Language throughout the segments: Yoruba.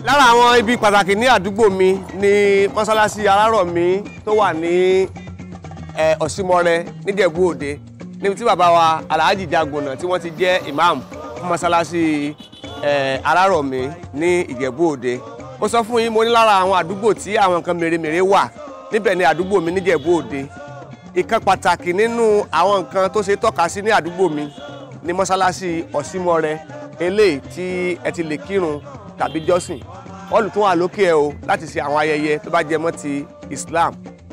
lára àwọn ibi pàtàkì ní àdúgbò mi ni mọ́sálásí alárọ̀mí tó wà ní ọ̀sìmọ́rẹ níjẹ̀bú òde níbi tí bàbá wa alhaji jagunà tí wọ́n ti jẹ́ imam fún mọ́sálásí alárọ̀mí ní ìjẹ̀bú òde mo sọ fún yín mo ní lára àwọn àdúgbò tí àwọn nǹkan mèremère wà níbẹ̀ ni àdúgbò mi níjẹ̀bú òde ìkan pàtàkì nínú àwọn nǹkan tó ṣe tọ́ka sí ní àdúgbò mi ni mọ́sálásí ọ̀sìmọ́rẹ eléyìí tí ẹ ti lè kírun tàbí jọ́sìn họ́ọ̀lù tó wà lókè ẹ o láti ṣe àwọn ayẹyẹ tó bá jẹ mọ́ ti Islam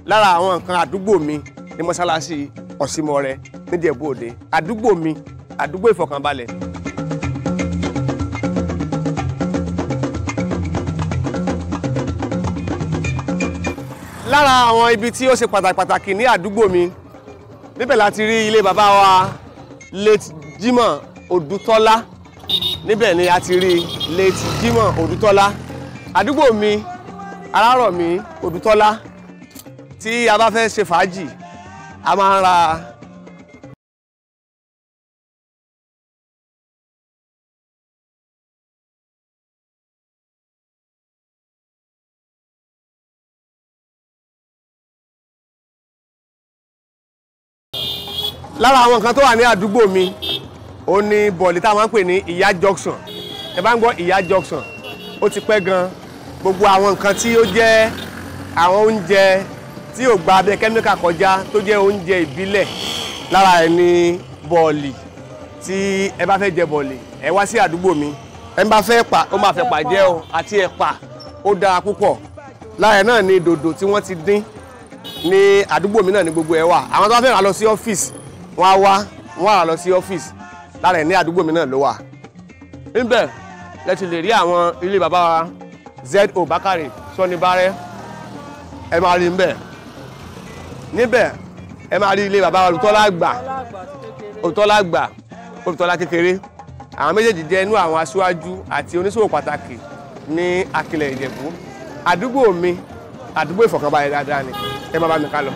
lára àwọn nǹkan àdúgbò mi ní mọ́ṣáláṣí ọ̀sìnmọ́rẹ́ níjẹ̀bú òde àdúgbò mi àdúgbò ìfọ̀kànbalẹ̀. lára àwọn ibi tí ó ṣe pàtàkì pàtàkì ní àdúgbò mi níbẹ̀ láti rí ilé bàbá wa late Jimoh Odutola níbẹ̀ ni a ti rí late Jimoh Odútọ́lá àdúgbò mi Arárọ̀mí Odútọ́lá tí a bá fẹ́ ṣe fàájì a máa ń ra lára àwọn nǹkan tó wà ní àdúgbò mi ó ní bọ̀ọ̀lì táwọn ń pè ní ìyá junction ẹ bá ń gbọ́ ìyá junction ó ti pẹ́ gan gbogbo àwọn nǹkan tí ó jẹ́ àwọn oúnjẹ tí ò gba abẹ́ kẹ́míkà kọjá tó jẹ́ oúnjẹ ìbílẹ̀ lára ẹ̀ ní bọ̀ọ̀lì tí ẹ bá fẹ́ jẹ bọ̀ọ̀lì ẹ wá sí àdúgbò mi ẹ bá fẹ́ pa ó máa fẹ́ pa jẹ́ o àti pa. ó dára púpọ̀ lára ẹ̀ náà ni dòdò tí wọ́n ti dín ní àdúgbò mi náà ni gbogbo ẹ̀ wà àwọn tó bá fẹ́ rà lọ sí ọ́fíìsì wọ́n á wá wọ́n á lọ sí ọ́fíìsì lára ẹ̀ ní àdúgbò mi náà ló wà. níbẹ̀ lẹ ti lè rí àwọn ilé bàbá wa Z.O. Bakare sọ́nibárẹ́ ẹ máa rí níbẹ̀ níbẹ̀ ẹ máa rí ilé bàbá wa olùtọ́lá àgbà olùtọ́lá àgbà olùtọ́lá kékeré àwọn méjèèjì jẹ́ inú àwọn aṣáájú àti oníṣòwò pàtàkì ní akilẹ̀ ìjẹ̀bú àdúgbò mi àdúgbò ìfọ̀kànbalẹ̀ dáadáa ni ẹ máa bá mi ká lọ.